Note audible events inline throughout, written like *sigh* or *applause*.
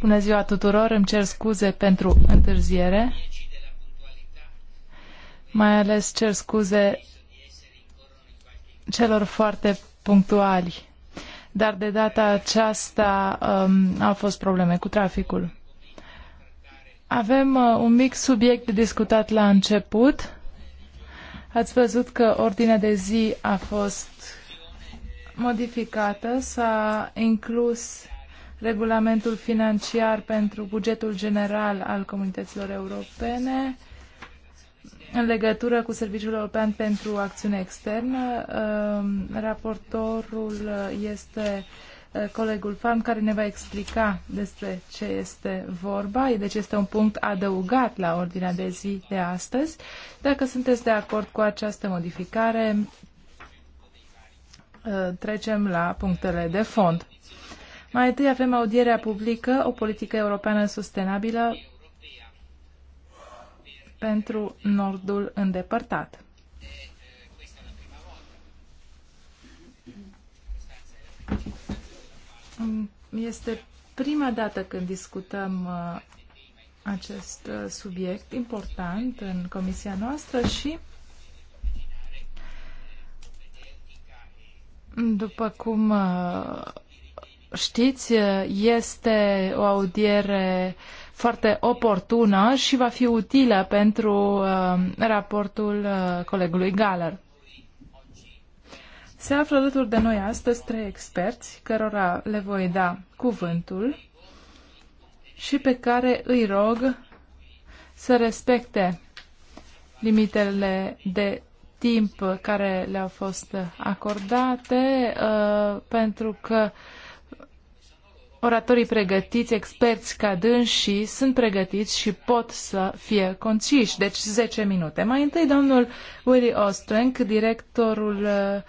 Bună ziua tuturor, îmi cer scuze pentru întârziere. Mai ales cer scuze celor foarte punctuali. Dar de data aceasta um, au fost probleme cu traficul. Avem uh, un mic subiect discutat la început. Ați văzut că ordinea de zi a fost modificată, s-a inclus regulamentul financiar pentru bugetul general al comunităților europene în legătură cu Serviciul European pentru Acțiune Externă. Ehm, raportorul este eh, colegul Farm care ne va explica despre ce este vorba. Deci este un punct adăugat la ordinea de zi de astăzi. Dacă sunteți de acord cu această modificare, Eh, trecem la punctele de fond. Mai întâi avem audierea publică, o politică europeană sustenabilă pentru Nordul îndepărtat. Este prima dată când discutăm eh, acest eh, subiect important în comisia noastră și După cum uh, știți, este o audiere foarte oportună și va fi utilă pentru uh, raportul uh, colegului Galler. Se află alături de noi astăzi trei experți, cărora le voi da cuvântul și pe care îi rog să respecte limitele de timp care le-au fost acordate, uh, pentru că oratorii pregătiți, experți ca dânsii, sunt pregătiți și pot să fie conciși, deci 10 minute. Mai întâi domnul Willy Ostrenk, directorul uh,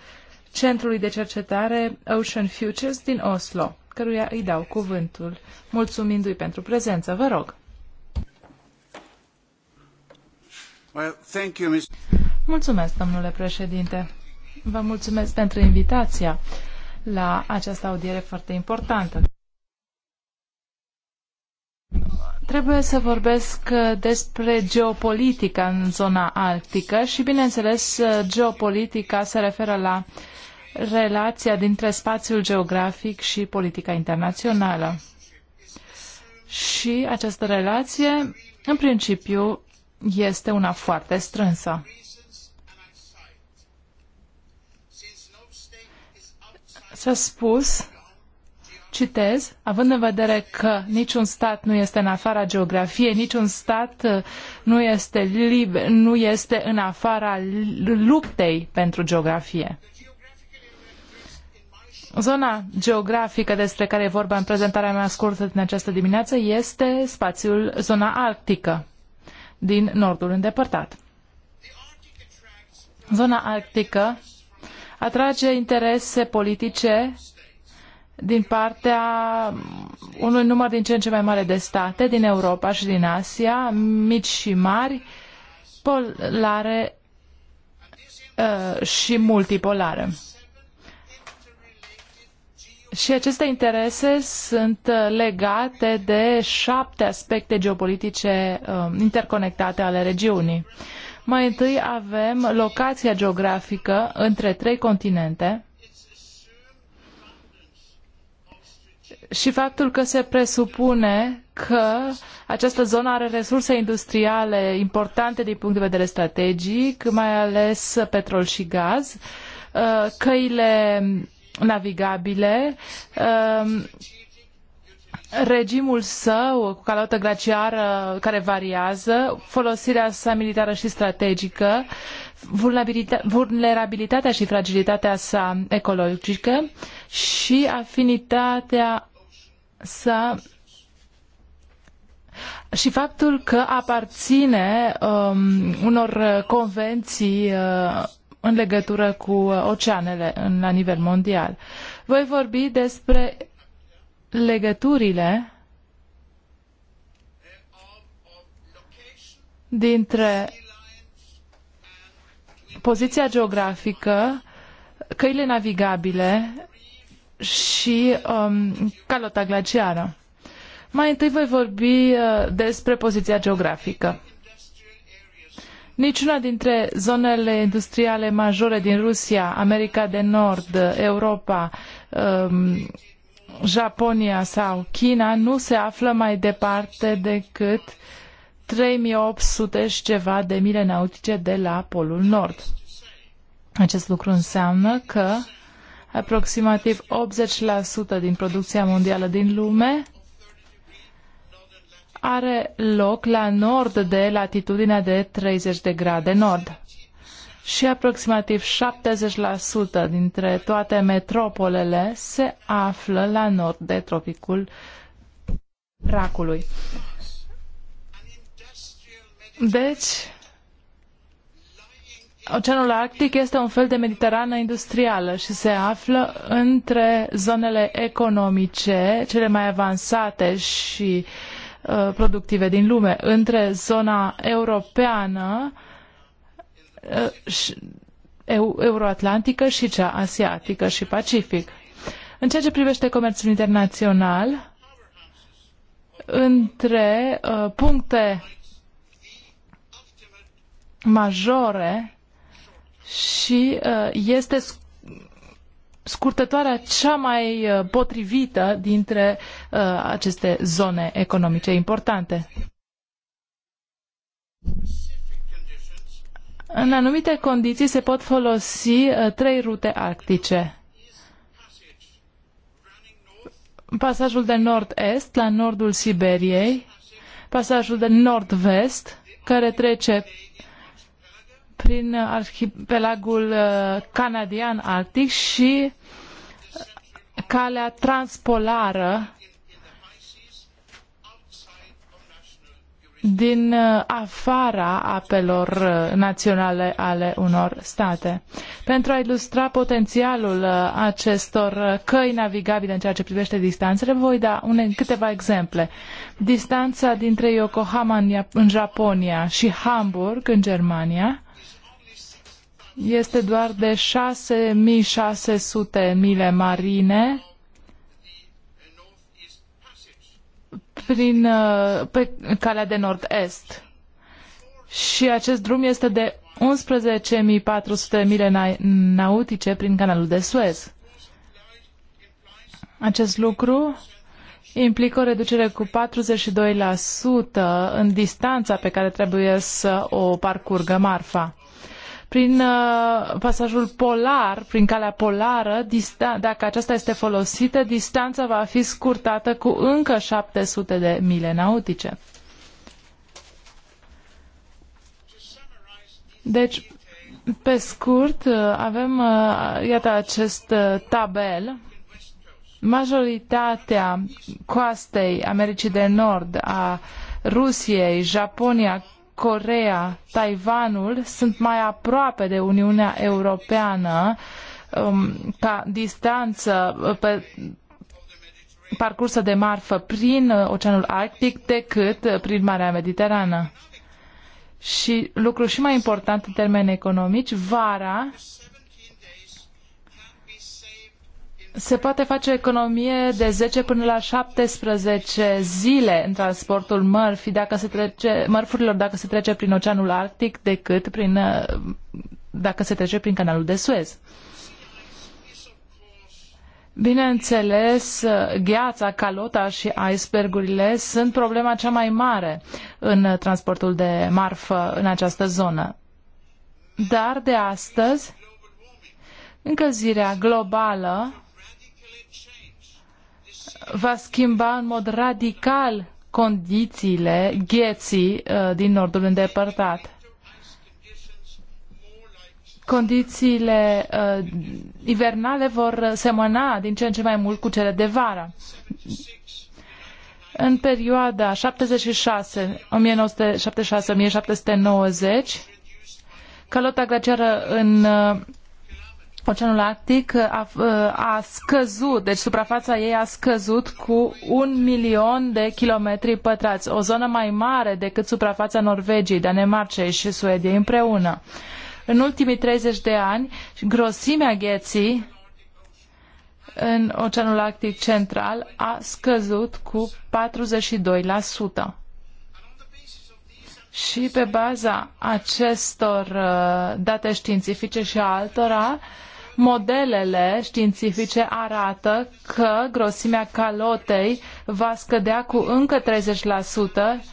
Centrului de Cercetare Ocean Futures din Oslo, căruia îi dau cuvântul, mulțumindu-i pentru prezență. Vă rog. Well, thank you, Mr. Mulțumesc, domnule președinte. Vă mulțumesc pentru invitația la această audiere foarte importantă. Trebuie să vorbesc uh, despre geopolitica în zona arctică și, bineînțeles, uh, geopolitica se referă la relația dintre spațiul geografic și politica internațională. Și această relație, în principiu, este una foarte strânsă. S-a spus, citez, având în vedere că niciun stat nu este în afara geografiei, niciun stat uh, nu este, liber, nu este în afara luptei pentru geografie. Zona geografică despre care e vorba în prezentarea mea scurtă din această dimineață este spațiul zona arctică din nordul îndepărtat. Zona arctică atrage interese politice din partea unui număr din ce în ce mai mare de state din Europa și din Asia, mici și mari, polare uh, și multipolare. Și aceste interese sunt uh, legate de șapte aspecte geopolitice uh, interconectate ale regiunii. Uh, mai întâi avem locația geografică între trei continente și faptul că se presupune că această zonă are resurse industriale importante din punct de vedere strategic, mai ales petrol și gaz, uh, căile navigabile, uh, regimul său cu calotă glaciară care variază, folosirea sa militară și strategică, vulnerabilitatea și fragilitatea sa ecologică și afinitatea sa și faptul că aparține um, unor convenții uh, în legătură cu oceanele în, la nivel mondial. Voi vorbi despre legăturile dintre poziția geografică, căile navigabile și um, calota glaciară. Mai întâi voi vorbi uh, despre poziția geografică. Niciuna dintre zonele industriale majore din Rusia, America de Nord, Europa, um, Japonia sau China nu se află mai departe decât 3800 și ceva de mile nautice de la Polul Nord. Acest lucru înseamnă că aproximativ 80% din producția mondială din lume are loc la nord de latitudinea de 30 de grade nord și aproximativ 70% dintre toate metropolele se află la nord de tropicul racului. Deci, Oceanul Arctic este un fel de Mediterană industrială și se află între zonele economice cele mai avansate și uh, productive din lume, între zona europeană uh, Uh, euroatlantică și cea asiatică și pacific. În ceea ce privește comerțul internațional, între uh, puncte majore și uh, este scurtătoarea cea mai uh, potrivită dintre uh, aceste zone economice importante. În anumite condiții se pot folosi uh, trei rute arctice. Pasajul de nord-est la nordul Siberiei, pasajul de nord-vest care trece prin uh, arhipelagul uh, canadian arctic și calea transpolară din uh, afara apelor uh, naționale ale unor state. Pentru a ilustra potențialul uh, acestor căi navigabile în ceea ce privește distanțele, voi da une, câteva exemple. Distanța dintre Yokohama în, în Japonia și Hamburg în Germania este doar de 6600 mile marine prin, uh, pe calea de nord-est. Și acest drum este de 11.400 mile nautice prin canalul de Suez. Acest lucru implică o reducere cu 42% în distanța pe care trebuie să o parcurgă marfa prin uh, pasajul polar, prin calea polară, dacă aceasta este folosită, distanța va fi scurtată cu încă 700 de mile nautice. Deci, pe scurt, uh, avem, uh, iată, acest tabel. Majoritatea coastei Americii de Nord, a Rusiei, Japonia, Corea, Taiwanul sunt mai aproape de Uniunea Europeană um, ca distanță uh, pe parcursă de marfă prin uh, Oceanul Arctic decât uh, prin Marea Mediterană. Și lucru și mai important în termeni economici, vara se poate face economie de 10 până la 17 zile în transportul mărfii dacă se trece, mărfurilor dacă se trece prin Oceanul Arctic decât prin, uh, dacă se trece prin canalul de Suez. Bineînțeles, gheața, calota și icebergurile sunt problema cea mai mare în transportul de marfă în această zonă. Dar de astăzi, încălzirea globală va schimba în mod radical condițiile gheții uh, din nordul îndepărtat. Condițiile uh, ivernale vor semăna din ce în ce mai mult cu cele de vară. În perioada 76-1976-1790, calota glaciară în uh, Oceanul Arctic a, a scăzut, deci suprafața ei a scăzut cu un milion de kilometri pătrați, o zonă mai mare decât suprafața Norvegiei, Danemarcei și Suediei împreună. În ultimii 30 de ani, grosimea gheții în Oceanul Arctic Central a scăzut cu 42%. Și pe baza acestor uh, date științifice și a altora, modelele științifice arată că grosimea calotei va scădea cu încă 30%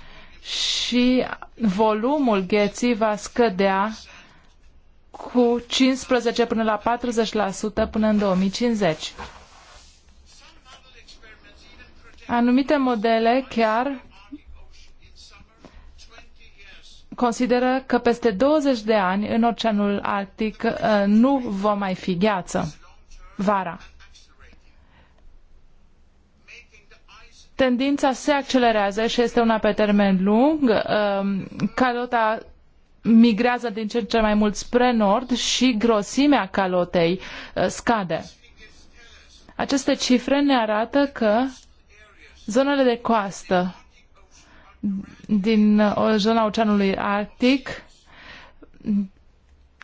și volumul gheții va scădea cu 15 până la 40% până în 2050. Anumite modele chiar consideră că peste 20 de ani în Oceanul Arctic uh, nu va mai fi gheață vara. Tendința se accelerează și este una pe termen lung. Uh, calota migrează din ce în ce mai mult spre nord și grosimea calotei uh, scade. Aceste cifre ne arată că zonele de coastă din uh, zona Oceanului Arctic.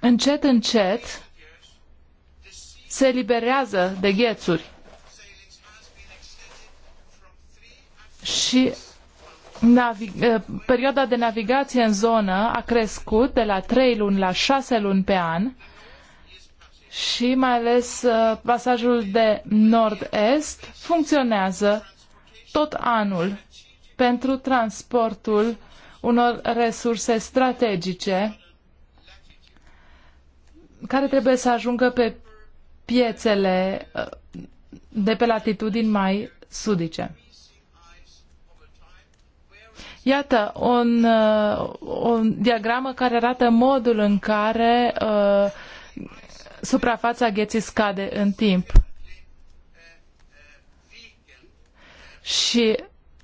Încet, încet se eliberează de ghețuri. Și uh, perioada de navigație în zonă a crescut de la 3 luni la 6 luni pe an și mai ales uh, pasajul de nord-est funcționează tot anul pentru transportul unor resurse strategice care trebuie să ajungă pe piețele uh, de pe latitudini mai sudice. Iată un, o uh, diagramă care arată modul în care uh, suprafața gheții scade în timp. Și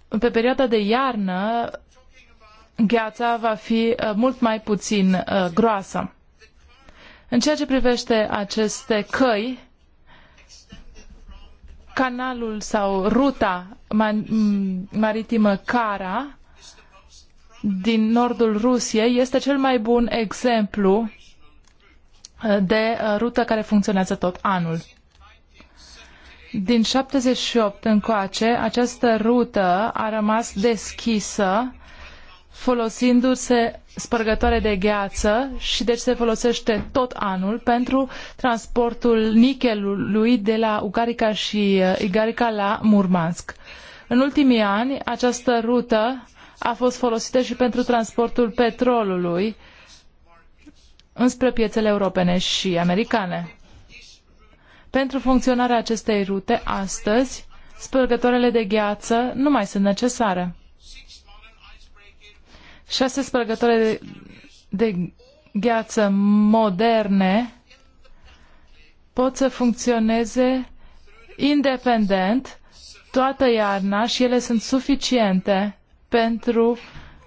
pe perioada de iarnă gheața va fi uh, mult mai puțin uh, groasă. În ceea ce privește aceste căi, canalul sau ruta maritimă Cara din nordul Rusiei este cel mai bun exemplu uh, de rută care funcționează tot anul. Din 78 încoace, această rută a rămas deschisă folosindu-se spărgătoare de gheață și deci se folosește tot anul pentru transportul nichelului de la Ugarica și uh, Igarica la Murmansk. În ultimii ani, această rută a fost folosită și pentru transportul petrolului înspre piețele europene și americane. Pentru funcționarea acestei rute, astăzi, spărgătoarele de gheață nu mai sunt necesare. Șase spărgătoare de, de gheață moderne pot să funcționeze independent toată iarna și ele sunt suficiente pentru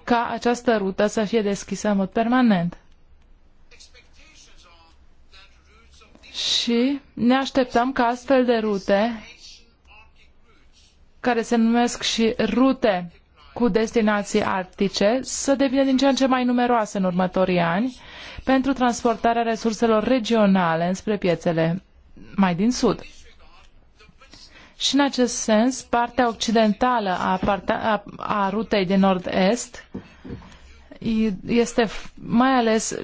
ca această rută să fie deschisă în mod permanent. și ne așteptăm ca astfel de rute, care se numesc și rute cu destinații arctice, să devină din ce în ce mai numeroase în următorii ani pentru transportarea resurselor regionale înspre piețele mai din sud. Și în acest sens, partea occidentală a, partea, a, a rutei de nord-est este mai ales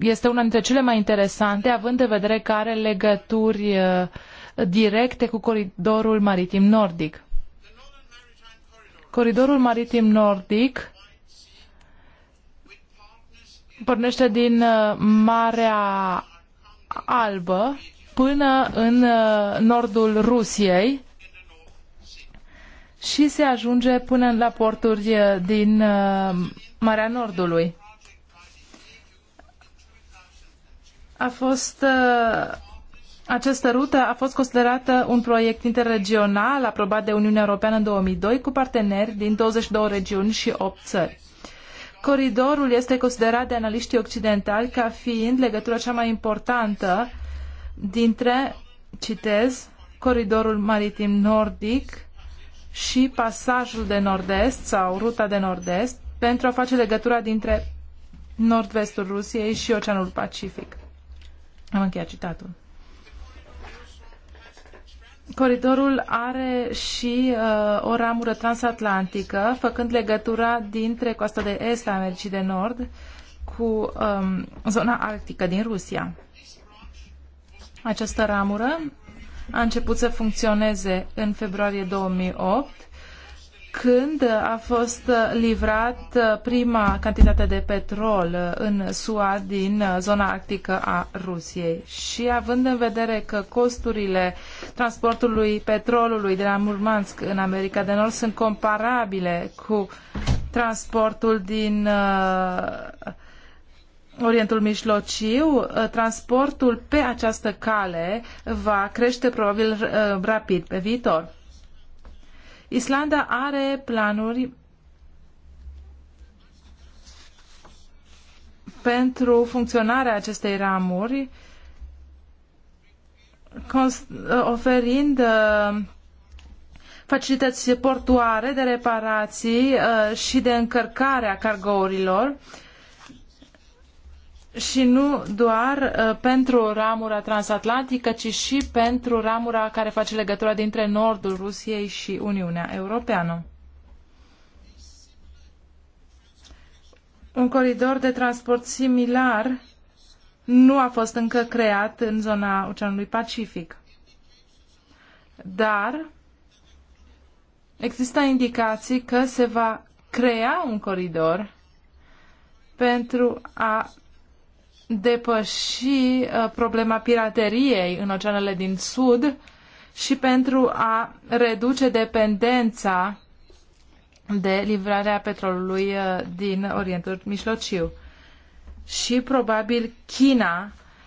este una dintre cele mai interesante, având în vedere că are legături uh, directe cu coridorul maritim nordic. Coridorul maritim nordic pornește din uh, Marea Albă până în uh, nordul Rusiei și se ajunge până la porturi eh, din eh, Marea Nordului. A fost eh, această rută a fost considerată un proiect interregional aprobat de Uniunea Europeană în 2002 cu parteneri din 22 regiuni și 8 țări. Coridorul este considerat de analiștii occidentali ca fiind legătura cea mai importantă dintre, citez, coridorul maritim nordic și pasajul de nord-est sau ruta de nord-est pentru a face legătura dintre nord-vestul Rusiei și Oceanul Pacific. Am încheiat citatul. Coridorul are și uh, o ramură transatlantică, făcând legătura dintre coasta de est a Americii de Nord cu um, zona arctică din Rusia. Această ramură a început să funcționeze în februarie 2008 când a fost livrat uh, prima cantitate de petrol uh, în SUA din uh, zona arctică a Rusiei. Și având în vedere că costurile transportului petrolului de la Murmansk în America de Nord sunt comparabile cu transportul din uh, Orientul Mijlociu, ă, transportul pe această cale va crește probabil ă, rapid pe viitor. Islanda are planuri pentru funcționarea acestei ramuri, ă, oferind facilități portuare de reparații și de încărcare a cargourilor, și nu doar uh, pentru ramura transatlantică, ci și pentru ramura care face legătura dintre nordul Rusiei și Uniunea Europeană. Un coridor de transport similar nu a fost încă creat în zona Oceanului Pacific. Dar există indicații că se va crea un coridor pentru a depăși uh, problema pirateriei în oceanele din sud și pentru a reduce dependența de livrarea petrolului uh, din Orientul Mijlociu. Și probabil China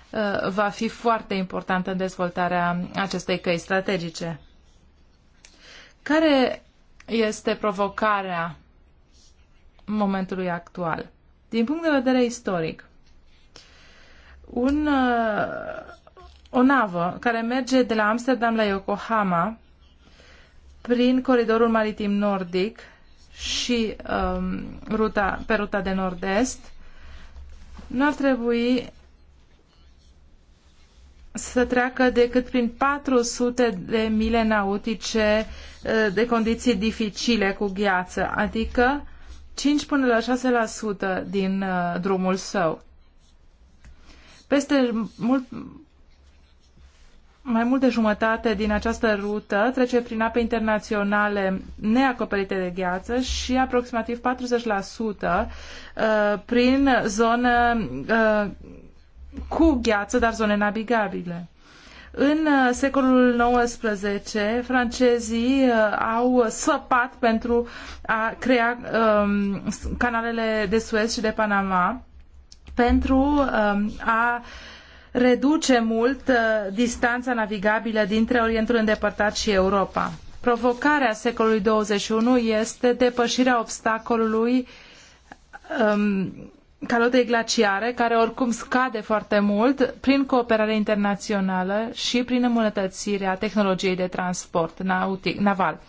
uh, va fi foarte importantă în dezvoltarea acestei căi strategice. Care este provocarea momentului actual? Din punct de vedere istoric, un, uh, o navă care merge de la Amsterdam la Yokohama prin coridorul maritim nordic și um, ruta, pe ruta de nord-est, nu ar trebui să treacă decât prin 400 de mile nautice uh, de condiții dificile cu gheață, adică 5 până la 6% din uh, drumul său. Peste mult, mai mult de jumătate din această rută trece prin ape internaționale neacoperite de gheață și aproximativ 40% uh, prin zonă uh, cu gheață, dar zone navigabile. În uh, secolul XIX, francezii au săpat pentru a crea um, canalele de Suez și de Panama pentru um, a reduce mult uh, distanța navigabilă dintre Orientul îndepărtat și Europa. Provocarea secolului 21 este depășirea obstacolului um, calotei glaciare, care oricum scade foarte mult, prin cooperare internațională și prin îmbunătățirea tehnologiei de transport nautic, naval.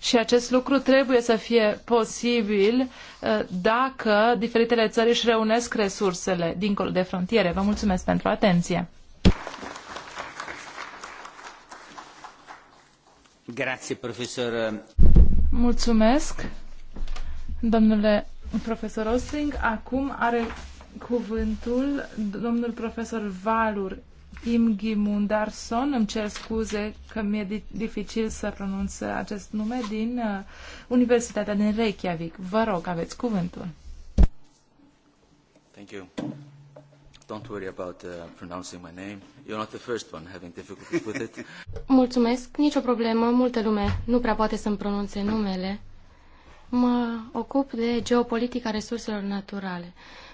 Și acest lucru trebuie să fie posibil uh, dacă diferitele țări își reunesc resursele dincolo de frontiere. Vă mulțumesc pentru atenție. Grazie, profesor. Mulțumesc, domnule profesor Ostring. Acum are cuvântul domnul profesor Valur Imghi Mundarson, îmi cer scuze că mi-e dificil să pronunț acest nume, din uh, Universitatea din Reykjavik. Vă rog, aveți cuvântul. Thank you. Don't worry about uh, pronouncing my name. You're not the first one having difficulties with it. *laughs* Mulțumesc, nicio problemă, multă lume nu prea poate să-mi pronunțe numele. Mă ocup de geopolitica resurselor naturale. Uh,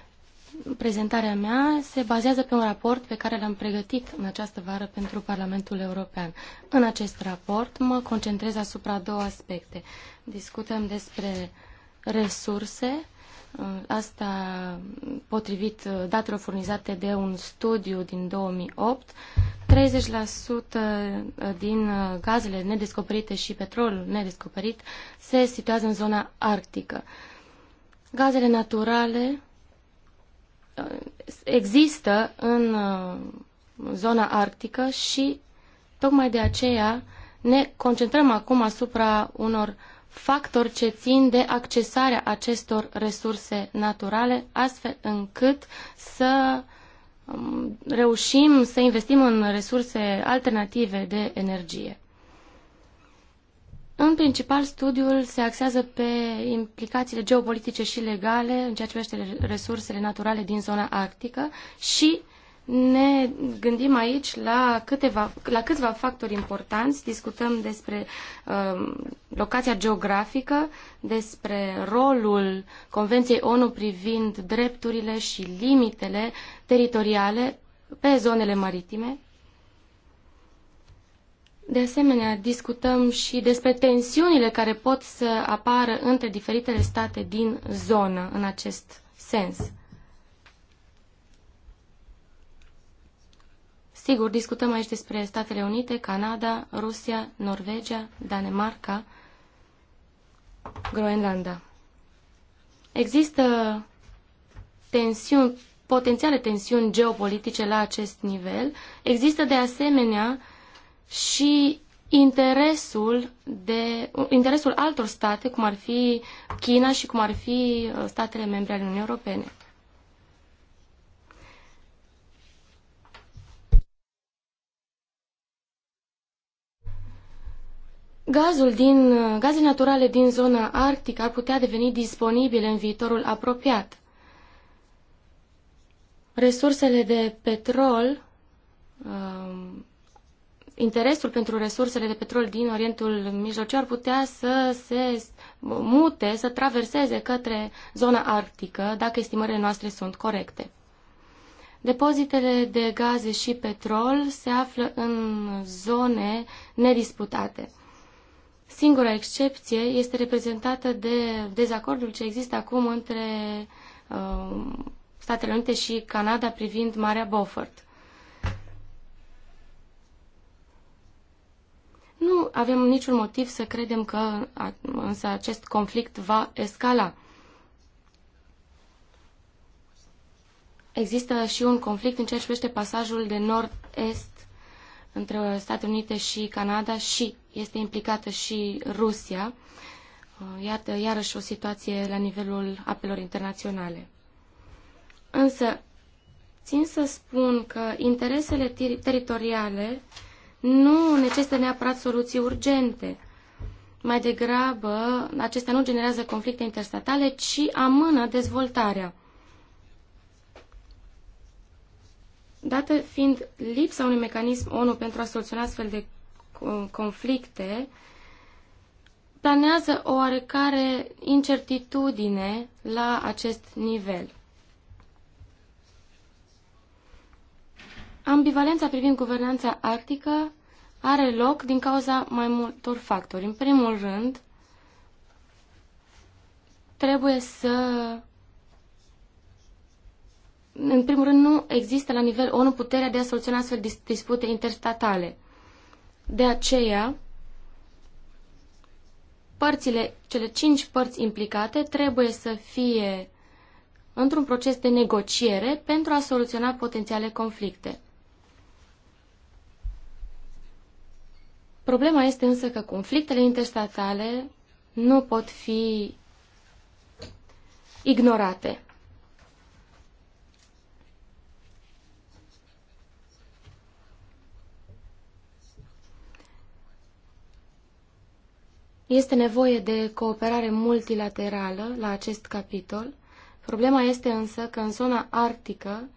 prezentarea mea se bazează pe un raport pe care l-am pregătit în această vară pentru Parlamentul European. În acest raport mă concentrez asupra două aspecte. Discutăm despre resurse, asta potrivit datelor furnizate de un studiu din 2008, 30% din gazele nedescoperite și petrolul nedescoperit se situează în zona arctică. Gazele naturale există în uh, zona arctică și tocmai de aceea ne concentrăm acum asupra unor factori ce țin de accesarea acestor resurse naturale, astfel încât să um, reușim să investim în resurse alternative de energie. În principal, studiul se axează pe implicațiile geopolitice și legale în ceea ce privește resursele naturale din zona arctică și ne gândim aici la, câteva, la câțiva factori importanți. Discutăm despre uh, locația geografică, despre rolul Convenției ONU privind drepturile și limitele teritoriale pe zonele maritime, de asemenea, discutăm și despre tensiunile care pot să apară între diferitele state din zonă în acest sens. Sigur, discutăm aici despre Statele Unite, Canada, Rusia, Norvegia, Danemarca, Groenlanda. Există tensiuni, potențiale tensiuni geopolitice la acest nivel. Există de asemenea și interesul, de, interesul altor state, cum ar fi China și cum ar fi uh, statele membre ale Uniunii Europene. Gazul din, uh, gaze naturale din zona arctică ar putea deveni disponibile în viitorul apropiat. Resursele de petrol uh, interesul pentru resursele de petrol din Orientul Mijlociu ar putea să se mute, să traverseze către zona arctică, dacă estimările noastre sunt corecte. Depozitele de gaze și petrol se află în zone nedisputate. Singura excepție este reprezentată de dezacordul ce există acum între uh, Statele Unite și Canada privind Marea Beaufort. Nu avem niciun motiv să credem că însă acest conflict va escala. Există și un conflict în ceea ce privește pasajul de nord-est între Statele Unite și Canada și este implicată și Rusia. Iată, iarăși o situație la nivelul apelor internaționale. Însă, țin să spun că interesele ter teritoriale nu necesită neapărat soluții urgente. Mai degrabă, acestea nu generează conflicte interstatale, ci amână dezvoltarea. Dată fiind lipsa unui mecanism ONU pentru a soluționa astfel de conflicte, planează o oarecare incertitudine la acest nivel. Ambivalența privind guvernanța arctică are loc din cauza mai multor factori. În primul rând, trebuie să... În primul rând, nu există la nivel ONU puterea de a soluționa astfel de dispute interstatale. De aceea, părțile, cele cinci părți implicate trebuie să fie într-un proces de negociere pentru a soluționa potențiale conflicte. Problema este însă că conflictele interstatale nu pot fi ignorate. Este nevoie de cooperare multilaterală la acest capitol. Problema este însă că în zona arctică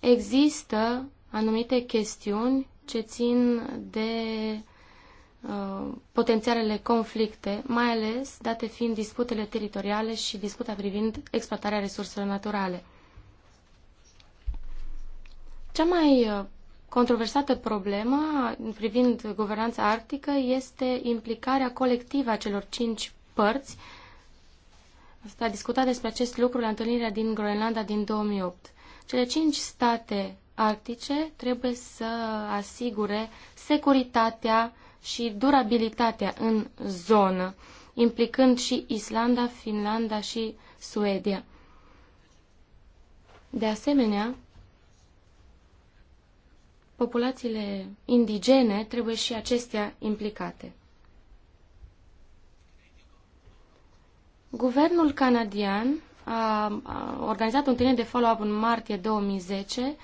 există anumite chestiuni ce țin de Uh, potențialele conflicte, mai ales date fiind disputele teritoriale și disputa privind exploatarea resurselor naturale. Cea mai uh, controversată problemă privind guvernanța arctică este implicarea colectivă a celor cinci părți. S-a discutat despre acest lucru la întâlnirea din Groenlanda din 2008. Cele cinci state arctice trebuie să asigure securitatea și durabilitatea în zonă, implicând și Islanda, Finlanda și Suedia. De asemenea, populațiile indigene trebuie și acestea implicate. Guvernul canadian a, organizat un tine de follow-up în martie 2010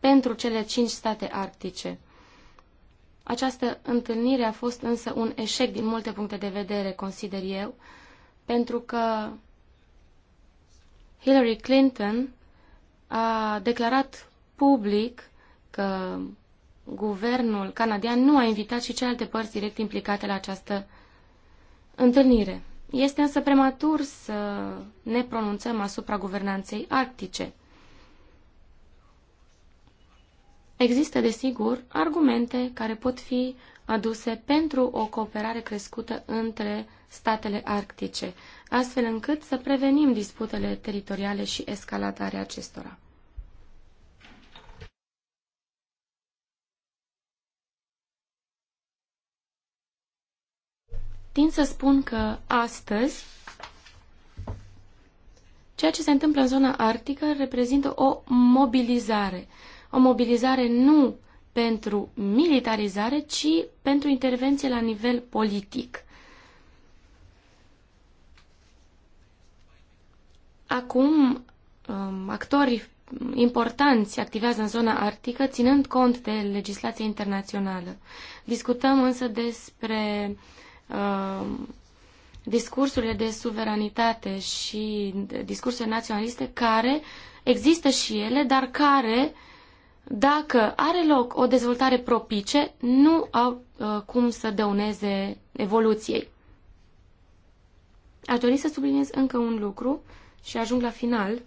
pentru cele cinci state arctice. Această întâlnire a fost însă un eșec din multe puncte de vedere, consider eu, pentru că Hillary Clinton a declarat public că guvernul canadian nu a invitat și celelalte părți direct implicate la această întâlnire. Este însă prematur să ne pronunțăm asupra guvernanței arctice. Există, desigur, argumente care pot fi aduse pentru o cooperare crescută între statele arctice, astfel încât să prevenim disputele teritoriale și escaladarea acestora. Tin să spun că astăzi ceea ce se întâmplă în zona arctică reprezintă o mobilizare o mobilizare nu pentru militarizare, ci pentru intervenție la nivel politic. Acum, um, actorii importanți activează în zona arctică, ținând cont de legislația internațională. Discutăm însă despre um, discursurile de suveranitate și discursurile naționaliste care există și ele, dar care uh, dacă are loc o dezvoltare propice, nu au uh, cum să dăuneze evoluției. Aș dori să subliniez încă un lucru și ajung la final.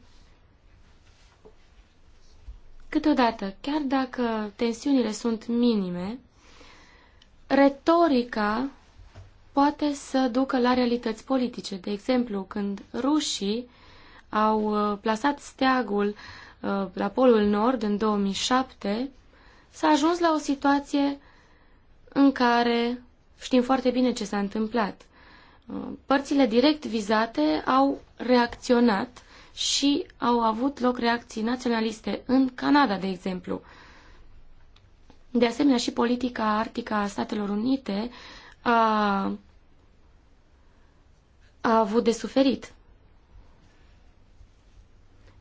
Câteodată, chiar dacă tensiunile sunt minime, retorica poate să ducă la realități politice. De exemplu, când rușii au uh, plasat steagul uh, Uh, la Polul Nord în 2007, s-a ajuns la o situație în care știm foarte bine ce s-a întâmplat. Uh, părțile direct vizate au reacționat și au avut loc reacții naționaliste în Canada, de exemplu. De asemenea, și politica arctică a Statelor Unite a, a avut de suferit.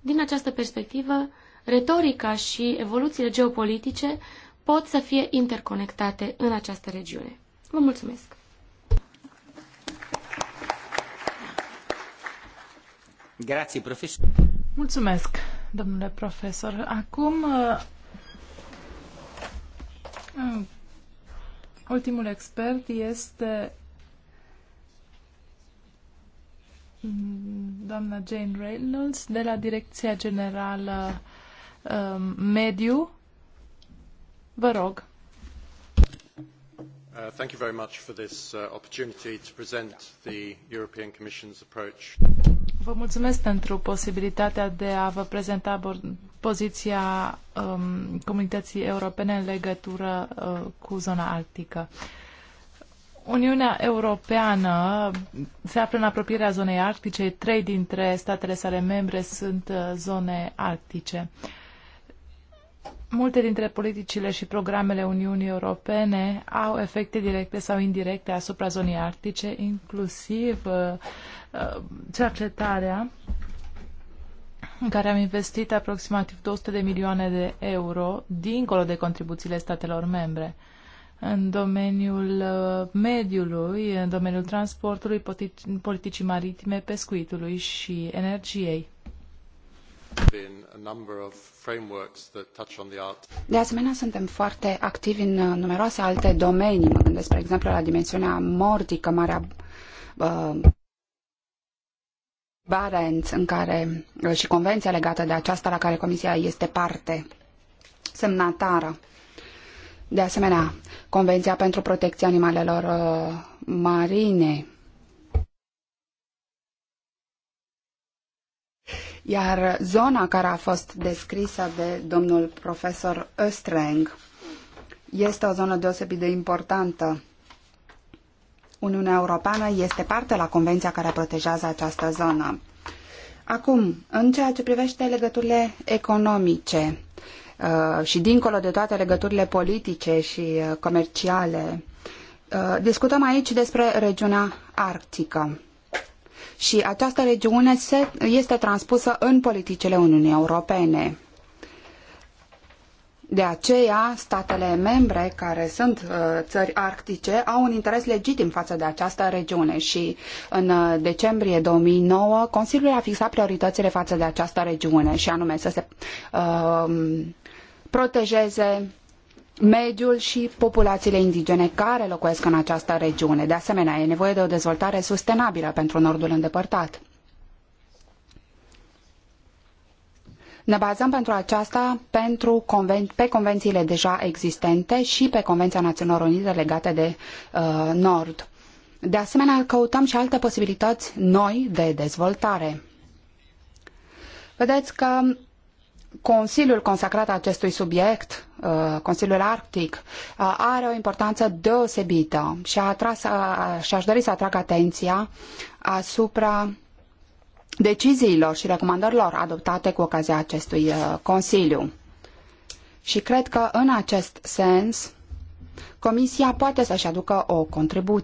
Din această perspectivă, retorica și evoluțiile geopolitice pot să fie interconectate în această regiune. Vă mulțumesc! Grazie, profesor. Mulțumesc, domnule profesor. Acum, uh, uh, ultimul expert este Mm, doamna Jane Reynolds de la Direcția Generală um, Mediu. Vă rog. Uh, thank you very much for this uh, opportunity to present the European Commission's approach. Vă mulțumesc pentru posibilitatea de a vă prezenta poziția um, comunității europene în legătură uh, cu zona arctică. Uh, Uniunea Europeană se află în apropierea zonei arctice. Trei dintre statele sale membre sunt uh, zone arctice. Multe dintre politicile și programele Uniunii Europene au efecte directe sau indirecte asupra zonei arctice, inclusiv uh, uh, cercetarea în care am investit aproximativ 200 de milioane de euro dincolo de contribuțiile statelor membre în domeniul uh, mediului, în domeniul transportului, politicii maritime, pescuitului și energiei. De asemenea, suntem foarte activi în uh, numeroase alte domenii. Mă gândesc, spre exemplu, la dimensiunea mordică, Marea uh, Barents, în care, uh, și convenția legată de aceasta la care Comisia este parte semnatară. De asemenea, Convenția pentru protecția animalelor uh, marine. Iar zona care a fost descrisă de domnul profesor Östreng este o zonă deosebit de importantă. Uniunea Europeană este parte la convenția care protejează această zonă. Acum, în ceea ce privește legăturile economice, Uh, și dincolo de toate legăturile politice și uh, comerciale, uh, discutăm aici despre regiunea arctică. Și această regiune se, este transpusă în politicile Uniunii Europene. De aceea, statele membre care sunt uh, țări arctice au un interes legitim față de această regiune și în uh, decembrie 2009 Consiliul a fixat prioritățile față de această regiune și anume să se uh, protejeze mediul și populațiile indigene care locuiesc în această regiune. De asemenea, e nevoie de o dezvoltare sustenabilă pentru nordul îndepărtat. Ne bazăm pentru aceasta pentru conven pe convențiile deja existente și pe Convenția națională Unite legată de uh, Nord. De asemenea, căutăm și alte posibilități noi de dezvoltare. Vedeți că Consiliul consacrat acestui subiect, uh, Consiliul Arctic, uh, are o importanță deosebită și a atras, uh, și-aș dori să atrag atenția asupra deciziilor și recomandărilor adoptate cu ocazia acestui uh, Consiliu. Și cred că în acest sens Comisia poate să-și aducă o contribuție.